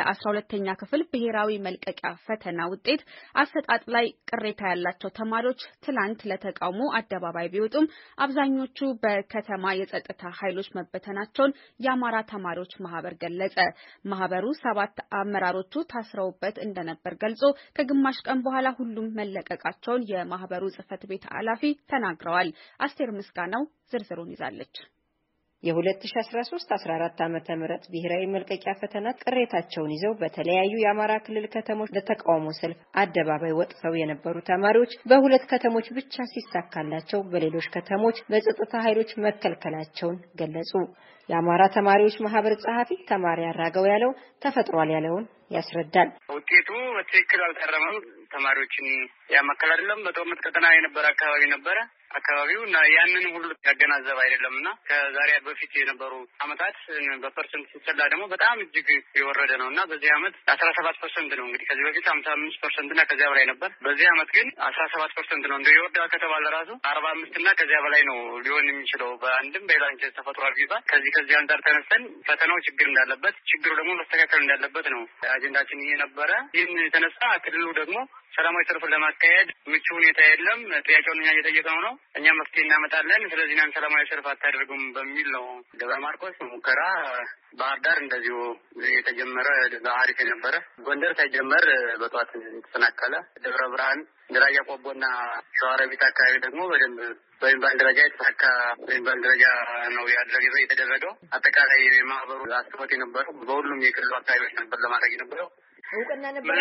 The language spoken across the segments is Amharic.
በአስራ ሁለተኛ ክፍል ብሔራዊ መልቀቂያ ፈተና ውጤት አሰጣጥ ላይ ቅሬታ ያላቸው ተማሪዎች ትላንት ለተቃውሞ አደባባይ ቢወጡም አብዛኞቹ በከተማ የጸጥታ ኃይሎች መበተናቸውን የአማራ ተማሪዎች ማህበር ገለጸ። ማህበሩ ሰባት አመራሮቹ ታስረውበት እንደነበር ገልጾ ከግማሽ ቀን በኋላ ሁሉም መለቀቃቸውን የማህበሩ ጽህፈት ቤት ኃላፊ ተናግረዋል። አስቴር ምስጋናው ዝርዝሩን ይዛለች። የ2013-14 ዓ.ም ብሔራዊ መልቀቂያ ፈተና ቅሬታቸውን ይዘው በተለያዩ የአማራ ክልል ከተሞች ለተቃውሞ ሰልፍ አደባባይ ወጥተው የነበሩ ተማሪዎች በሁለት ከተሞች ብቻ ሲሳካላቸው በሌሎች ከተሞች በጸጥታ ኃይሎች መከልከላቸውን ገለጹ። የአማራ ተማሪዎች ማህበር ጸሐፊ ተማሪ አራገው ያለው ተፈጥሯል ያለውን ያስረዳል። ውጤቱ በትክክል አልቀረበም። ተማሪዎችን ያማከል አይደለም። በጦርነት ቀጠና የነበረ አካባቢ ነበረ። አካባቢው እና ያንን ሁሉ ያገናዘብ አይደለም እና ከዛሬ በፊት የነበሩ አመታት በፐርሰንት ሲሰላ ደግሞ በጣም እጅግ የወረደ ነው እና በዚህ አመት አስራ ሰባት ፐርሰንት ነው እንግዲህ ከዚህ በፊት ሀምሳ አምስት ፐርሰንት እና ከዚያ በላይ ነበር። በዚህ አመት ግን አስራ ሰባት ፐርሰንት ነው። እንደ የወርዳ ከተባለ ራሱ አርባ አምስት እና ከዚያ በላይ ነው ሊሆን የሚችለው በአንድም በሌላንቸ ተፈጥሮ ቢባል ከዚህ ከዚህ አንጻር ተነስተን ፈተናው ችግር እንዳለበት ችግሩ ደግሞ መስተካከል እንዳለበት ነው አጀንዳችን ይሄ ነበረ። ይህን የተነሳ ክልሉ ደግሞ ሰላማዊ ሰልፉን ለማካሄድ ምቹ ሁኔታ የለም። ጥያቄውን እኛ እየጠየቅነው ነው። እኛ መፍትሄ እናመጣለን። ስለዚህ እናንተ ሰላማዊ ሰልፍ አታደርጉም በሚል ነው። ደብረ ማርቆስ ሙከራ፣ ባህር ዳር እንደዚሁ የተጀመረ አሪፍ የነበረ ጎንደር ሳይጀመር በጠዋት የተሰናከለ ደብረ ብርሃን፣ ቆቦ ቆቦና ሸዋረቢት አካባቢ ደግሞ በደንብ በሚባል ደረጃ የተሳካ በሚባል ደረጃ ነው ያደረገ የተደረገው። አጠቃላይ ማህበሩ አስቦት የነበረው በሁሉም የክልሉ አካባቢዎች ነበር ለማድረግ የነበረው እውቅና ነበር።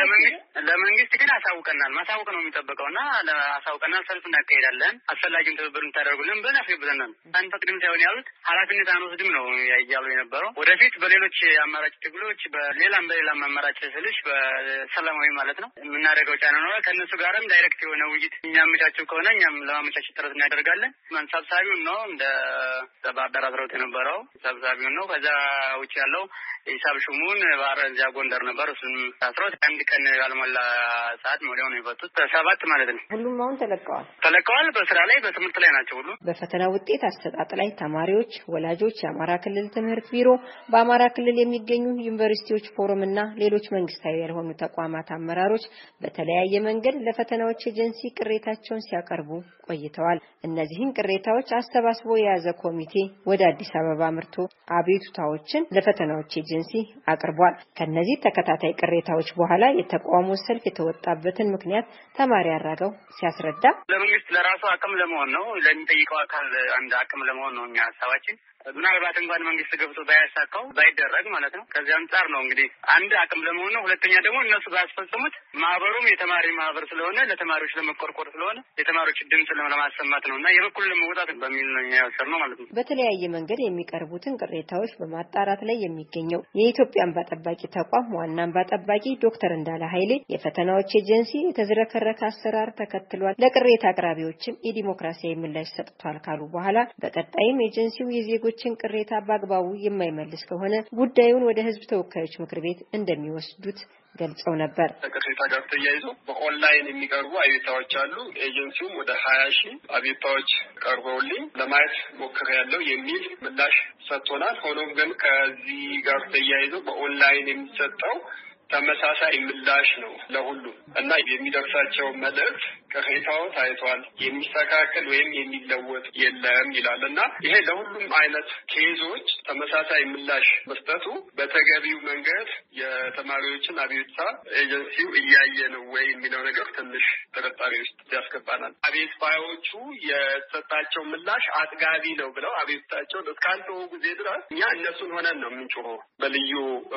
ለመንግስት ግን አሳውቀናል። ማሳውቅ ነው የሚጠበቀው እና አሳውቀናል። ሰልፍ እናካሄዳለን፣ አስፈላጊም ትብብር እንታደርጉልን ብለን አስገብተናል። አንፈቅድም ሳይሆን ያሉት ኃላፊነት አንወስድም ነው እያሉ የነበረው። ወደፊት በሌሎች አማራጭ ትግሎች፣ በሌላም በሌላም አማራጭ ስልሽ በሰላማዊ ማለት ነው የምናደርገው ጫና ነው። ከእነሱ ጋርም ዳይሬክት የሆነ ውይይት የሚያመቻቸው ከሆነ እኛም ለማመቻቸት ጥረት እናደርጋለን። ሰብሳቢውን ነው እንደ ባህር ዳር አስረውት የነበረው ሰብሳቢውን ነው። ከዛ ውጭ ያለው ሂሳብ ሹሙን ባህር እዚያ ጎንደር ነበር እሱም አስሮት አንድ ቀን ያልሞላ ሰዓት ወዲያው ነው የፈቱት። ሰባት ማለት ነው። ሁሉም አሁን ተለቀዋል ተለቀዋል። በስራ ላይ በትምህርት ላይ ናቸው። ሁሉ በፈተና ውጤት አሰጣጥ ላይ ተማሪዎች፣ ወላጆች፣ የአማራ ክልል ትምህርት ቢሮ፣ በአማራ ክልል የሚገኙ ዩኒቨርሲቲዎች ፎረም እና ሌሎች መንግስታዊ ያልሆኑ ተቋማት አመራሮች በተለያየ መንገድ ለፈተናዎች ኤጀንሲ ቅሬታቸውን ሲያቀርቡ ቆይተዋል። እነዚህን ቅሬታዎች አሰባስቦ የያዘ ኮሚቴ ወደ አዲስ አበባ ምርቶ አቤቱታዎችን ለፈተናዎች ኤጀንሲ አቅርቧል። ከነዚህ ተከታታይ ቅሬታ ሁኔታዎች በኋላ የተቃውሞ ሰልፍ የተወጣበትን ምክንያት ተማሪ አራገው ሲያስረዳ ለመንግስት ለራሱ አቅም ለመሆን ነው ለሚጠይቀው አካል አንድ አቅም ለመሆን ነው እኛ ሀሳባችን ምናልባት እንኳን መንግስት ገብቶ ባያሳካው ባይደረግ ማለት ነው። ከዚህ አንጻር ነው እንግዲህ አንድ አቅም ለመሆን ነው። ሁለተኛ ደግሞ እነሱ ባያስፈጽሙት ማህበሩም የተማሪ ማህበር ስለሆነ ለተማሪዎች ለመቆርቆር ስለሆነ የተማሪዎች ድምፅ ለማሰማት ነው እና የበኩል ለመወጣት በሚል ነው የሚያወሰር ነው ማለት ነው። በተለያየ መንገድ የሚቀርቡትን ቅሬታዎች በማጣራት ላይ የሚገኘው የኢትዮጵያ እንባ ጠባቂ ተቋም ዋና እንባ ጠባቂ ዶክተር እንዳለ ኃይሌ የፈተናዎች ኤጀንሲ የተዝረከረከ አሰራር ተከትሏል፣ ለቅሬታ አቅራቢዎችም የዲሞክራሲያዊ ምላሽ ሰጥቷል ካሉ በኋላ በቀጣይም ኤጀንሲው የዜጎ የዜጎችን ቅሬታ በአግባቡ የማይመልስ ከሆነ ጉዳዩን ወደ ህዝብ ተወካዮች ምክር ቤት እንደሚወስዱት ገልጸው ነበር። ከቅሬታ ጋር ተያይዞ በኦንላይን የሚቀርቡ አቤታዎች አሉ። ኤጀንሲውም ወደ ሀያ ሺህ አቤታዎች ቀርበውልኝ ለማየት ያለው የሚል ምላሽ ሰጥቶናል። ሆኖም ግን ከዚህ ጋር ተያይዞ በኦንላይን የሚሰጠው ተመሳሳይ ምላሽ ነው ለሁሉም እና የሚደርሳቸው መልእክት ቅሬታው ታይቷል፣ የሚስተካከል ወይም የሚለወጥ የለም ይላል እና ይሄ ለሁሉም አይነት ኬዞች ተመሳሳይ ምላሽ መስጠቱ በተገቢው መንገድ የተማሪዎችን አቤቱታ ኤጀንሲው እያየ ነው ወይ የሚለው ነገር ትንሽ ጥርጣሬ ውስጥ ያስገባናል። አቤት ባዮቹ የሰጣቸው ምላሽ አጥጋቢ ነው ብለው አቤቱታቸውን እስካልተወ ጊዜ ድረስ እኛ እነሱን ሆነን ነው የምንጮሆ በልዩ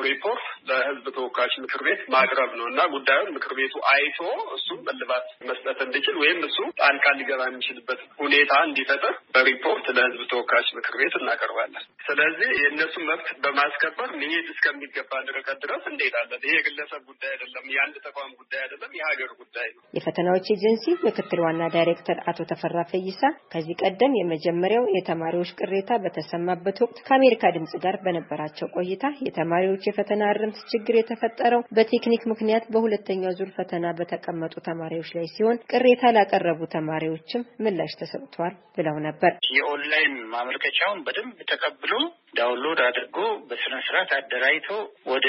ሪፖርት ለህዝብ ተወካዮች ምክር ቤት ማቅረብ ነው እና ጉዳዩን ምክር ቤቱ አይቶ እሱም እልባት መስጠት እንዲችል ወይም እሱ ጣልቃ ሊገባ የሚችልበት ሁኔታ እንዲፈጠር በሪፖርት ለህዝብ ተወካዮች ምክር ቤት እናቀርባለን። ስለዚህ የእነሱ መብት በማስከበር ሚሄድ እስከሚገባ ድረቀት ድረስ እንሄዳለን። ይሄ የግለሰብ ጉዳይ አይደለም፣ የአንድ ተቋም ጉዳይ አይደለም፣ የሀገር ጉዳይ ነው። የፈተናዎች ኤጀንሲ ምክትል ዋና ዳይሬክተር አቶ ተፈራ ፈይሳ ከዚህ ቀደም የመጀመሪያው የተማሪዎች ቅሬታ በተሰማበት ወቅት ከአሜሪካ ድምጽ ጋር በነበራቸው ቆይታ የተማሪዎች የፈተና እርምት ችግር የተፈጠረ የተፈጠረው በቴክኒክ ምክንያት በሁለተኛው ዙር ፈተና በተቀመጡ ተማሪዎች ላይ ሲሆን ቅሬታ ላቀረቡ ተማሪዎችም ምላሽ ተሰጥቷል ብለው ነበር። የኦንላይን ማመልከቻውን በደንብ ተቀብሎ ዳውንሎድ አድርጎ በስነ ስርዓት አደራጅቶ ወደ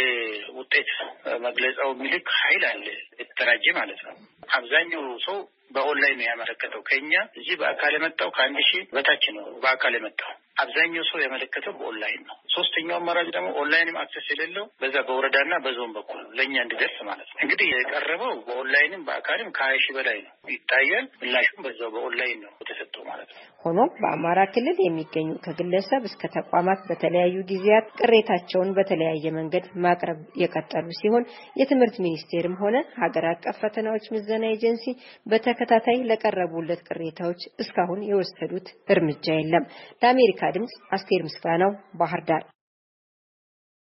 ውጤት መግለጫው ሚልክ ኃይል አለ የተደራጀ ማለት ነው። አብዛኛው ሰው በኦንላይን ነው ያመለከተው። ከኛ እዚህ በአካል የመጣው ከአንድ ሺህ በታች ነው በአካል የመጣው አብዛኛው ሰው ያመለከተው በኦንላይን ነው። ሶስተኛው አማራጭ ደግሞ ኦንላይንም አክሰስ የሌለው በዛ በወረዳና በዞን በኩል ለእኛ እንዲደርስ ማለት ነው። እንግዲህ የቀረበው በኦንላይንም በአካልም ከሀያ ሺህ በላይ ነው ይታያል። ምላሹም በዛው በኦንላይን ነው ማለት ነው። ሆኖም በአማራ ክልል የሚገኙ ከግለሰብ እስከ ተቋማት በተለያዩ ጊዜያት ቅሬታቸውን በተለያየ መንገድ ማቅረብ የቀጠሉ ሲሆን የትምህርት ሚኒስቴርም ሆነ ሀገር አቀፍ ፈተናዎች ምዘና ኤጀንሲ በተከታታይ ለቀረቡለት ቅሬታዎች እስካሁን የወሰዱት እርምጃ የለም። ለአሜሪካ ድምጽ አስቴር ምስጋናው ባህር ዳር